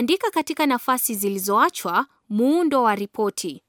Andika katika nafasi zilizoachwa muundo wa ripoti.